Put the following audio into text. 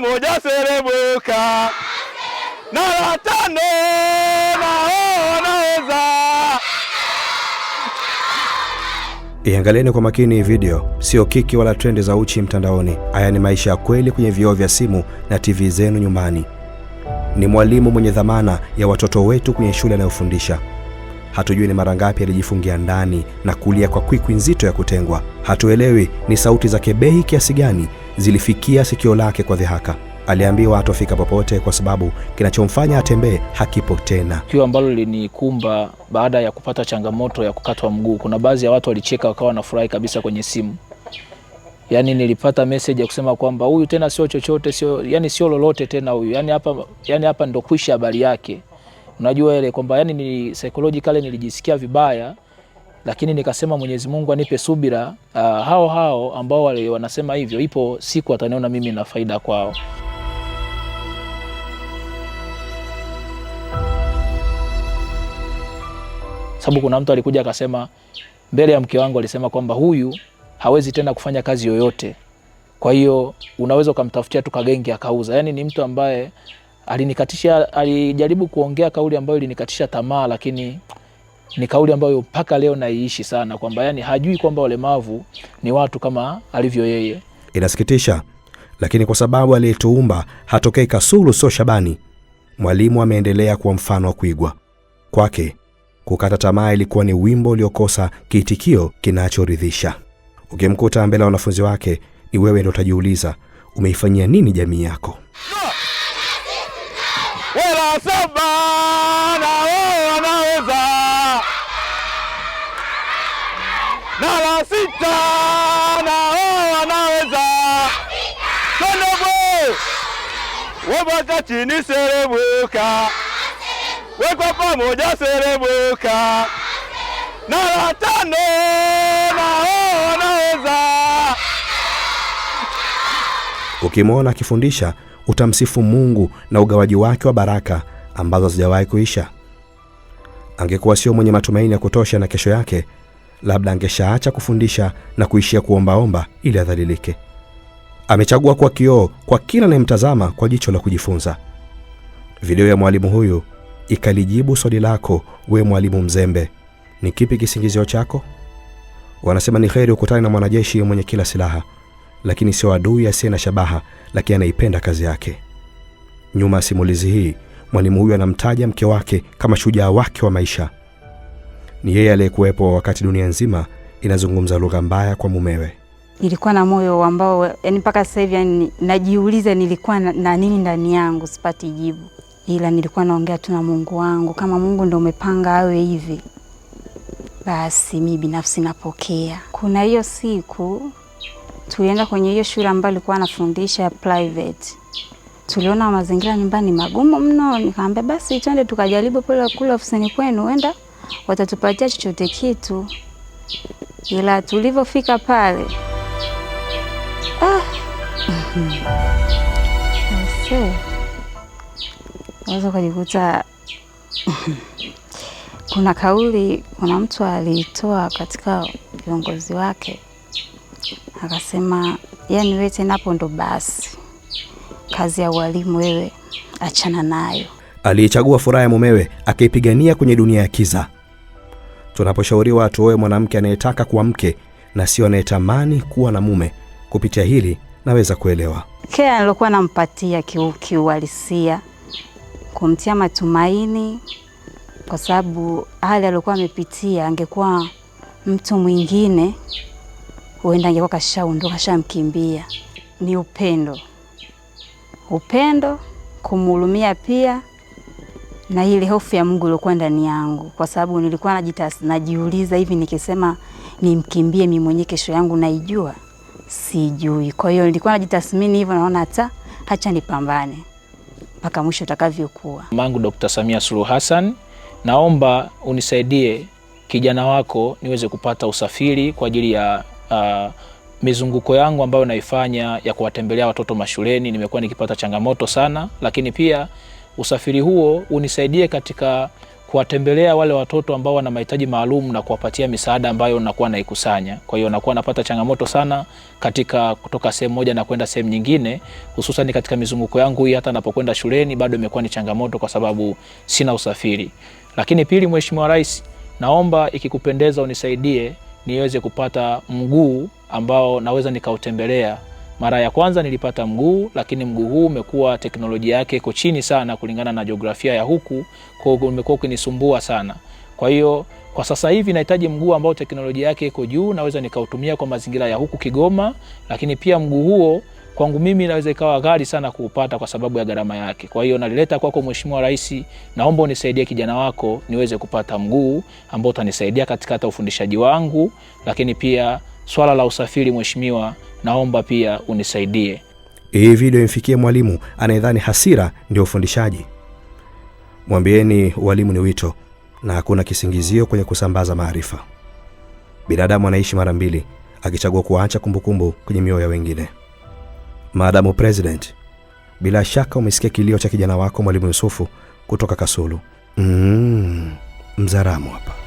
moja seremuka na la tano naonaweza. Iangalieni kwa makini video, sio kiki wala trendi za uchi mtandaoni. Haya ni maisha ya kweli kwenye vioo vya simu na TV zenu nyumbani. Ni mwalimu mwenye dhamana ya watoto wetu kwenye shule anayofundisha. Hatujui ni mara ngapi alijifungia ndani na kulia kwa kwikwi nzito ya kutengwa. Hatuelewi ni sauti za kebehi kiasi gani zilifikia sikio lake kwa dhihaka. Aliambiwa atofika popote kwa sababu kinachomfanya atembee hakipo tena. Tukio ambalo linikumba baada ya kupata changamoto ya kukatwa mguu, kuna baadhi ya watu walicheka wakawa wanafurahi kabisa kwenye simu. Yaani nilipata message ya kusema kwamba huyu tena sio chochote, sio yani sio lolote tena huyu, yani hapa, yani hapa ndo kwisha habari yake. Unajua ile kwamba yani ni psychologically nilijisikia vibaya, lakini nikasema Mwenyezi Mungu anipe subira. Uh, hao hao ambao wale wanasema hivyo, ipo siku ataniona mimi na faida kwao. Sababu kuna mtu alikuja akasema mbele ya mke wangu alisema kwamba huyu hawezi tena kufanya kazi yoyote, kwa hiyo unaweza ukamtafutia tu kagenge akauza. yani ni mtu ambaye alinikatisha, alijaribu kuongea kauli ambayo ilinikatisha tamaa, lakini ni kauli ambayo mpaka leo naiishi sana, kwamba yani hajui kwamba walemavu ni watu kama alivyo yeye. Inasikitisha, lakini kwa sababu aliyetuumba hatokei Kasulu, sio Shabani, Mwalimu ameendelea kuwa mfano wa kuigwa kwake. Kukata tamaa ilikuwa ni wimbo uliokosa kiitikio kinachoridhisha. Ukimkuta mbele ya wanafunzi wake, ni wewe ndio utajiuliza umeifanyia nini jamii yako hela saba na wao wanaweza, na la sita na wao wanaweza, kondogo webweka chini, serebuka, wekwa pamoja, serebuka, na la tano na wao wanaweza. Ukimwona akifundisha utamsifu Mungu na ugawaji wake wa baraka ambazo hazijawahi kuisha. Angekuwa sio mwenye matumaini ya kutosha na kesho yake, labda angeshaacha kufundisha na kuishia kuombaomba ili adhalilike. Amechagua kuwa kioo kwa kila anayemtazama kwa jicho la kujifunza. Video ya mwalimu huyu ikalijibu swali lako, we mwalimu mzembe, ni kipi kisingizio chako? Wanasema ni heri ukutane na mwanajeshi mwenye kila silaha lakini sio adui asiye na shabaha, lakini anaipenda kazi yake. Nyuma ya simulizi hii, mwalimu huyu anamtaja mke wake kama shujaa wake wa maisha. Ni yeye aliyekuwepo wakati dunia nzima inazungumza lugha mbaya kwa mumewe. Nilikuwa na moyo ambao yani mpaka sasa hivi yani, najiuliza nilikuwa na, na nini ndani yangu, sipati jibu, ila nilikuwa naongea tu na Mungu wangu. Kama Mungu ndio umepanga awe hivi, basi mi binafsi napokea. Kuna hiyo siku tulienda kwenye hiyo shule ambayo alikuwa anafundisha private. Tuliona mazingira nyumbani magumu mno, nikaambia basi twende tukajaribu pale kule ofisini kwenu, wenda watatupatia chochote kitu. Ila tulivyofika pale ah. Naweza ukajikuta kuna kauli, kuna mtu aliitoa katika viongozi wake akasema, yani wewe tena hapo ndo basi, kazi ya ualimu wewe achana nayo. Aliyechagua furaha ya mumewe akaipigania kwenye dunia ya kiza. Tunaposhauriwa tuoe mwanamke anayetaka kuwa mke na sio anayetamani kuwa na mume, kupitia hili naweza kuelewa kea nilokuwa nampatia kiuhalisia, kumtia matumaini, kwa sababu hali aliyokuwa amepitia, angekuwa mtu mwingine huenda angekuwa kashaondoka, kashamkimbia. Ni upendo, upendo, kumhurumia pia na ile hofu ya Mungu iliyokuwa ndani yangu, kwa sababu nilikuwa najitas, najiuliza hivi, nikisema nimkimbie mimi mwenyewe, kesho yangu naijua sijui. Kwa hiyo nilikuwa najitathmini hivyo, naona hata hacha nipambane mpaka mwisho utakavyokuwa. Mangu Dr. Samia Suluhu Hassan, naomba unisaidie kijana wako niweze kupata usafiri kwa ajili ya uh, mizunguko yangu ambayo naifanya ya kuwatembelea watoto mashuleni nimekuwa nikipata changamoto sana, lakini pia usafiri huo unisaidie katika kuwatembelea wale watoto ambao wana mahitaji maalum na kuwapatia misaada ambayo nakuwa naikusanya. Kwa hiyo nakuwa napata changamoto sana katika kutoka sehemu moja na kwenda sehemu nyingine, hususan katika mizunguko yangu hii. Hata napokwenda shuleni bado imekuwa ni changamoto kwa sababu sina usafiri. Lakini pili, Mheshimiwa Rais, naomba ikikupendeza unisaidie niweze kupata mguu ambao naweza nikautembelea. Mara ya kwanza nilipata mguu, lakini mguu huu umekuwa teknolojia yake iko chini sana kulingana na jiografia ya huku, kwa hiyo umekuwa ukinisumbua sana. Kwa hiyo kwa sasa hivi nahitaji mguu ambao teknolojia yake iko juu, naweza nikautumia kwa mazingira ya huku Kigoma, lakini pia mguu huo kwangu mimi inaweza ikawa ghali sana kuupata kwa sababu ya gharama yake. Kwa hiyo nalileta kwako Mheshimiwa Rais, naomba unisaidie kijana wako niweze kupata mguu ambao utanisaidia katika hata ufundishaji wangu, lakini pia swala la usafiri, mheshimiwa, naomba pia unisaidie. Hii video imfikie mwalimu anayedhani hasira ndio ufundishaji. Mwambieni walimu ni wito na hakuna kisingizio kwenye kusambaza maarifa. Binadamu anaishi mara mbili, akichagua kuacha kumbukumbu kwenye mioyo ya wengine. Maadamu President, bila shaka umesikia kilio cha kijana wako Mwalimu Yusufu kutoka Kasulu. Mm, Mzaramo hapa.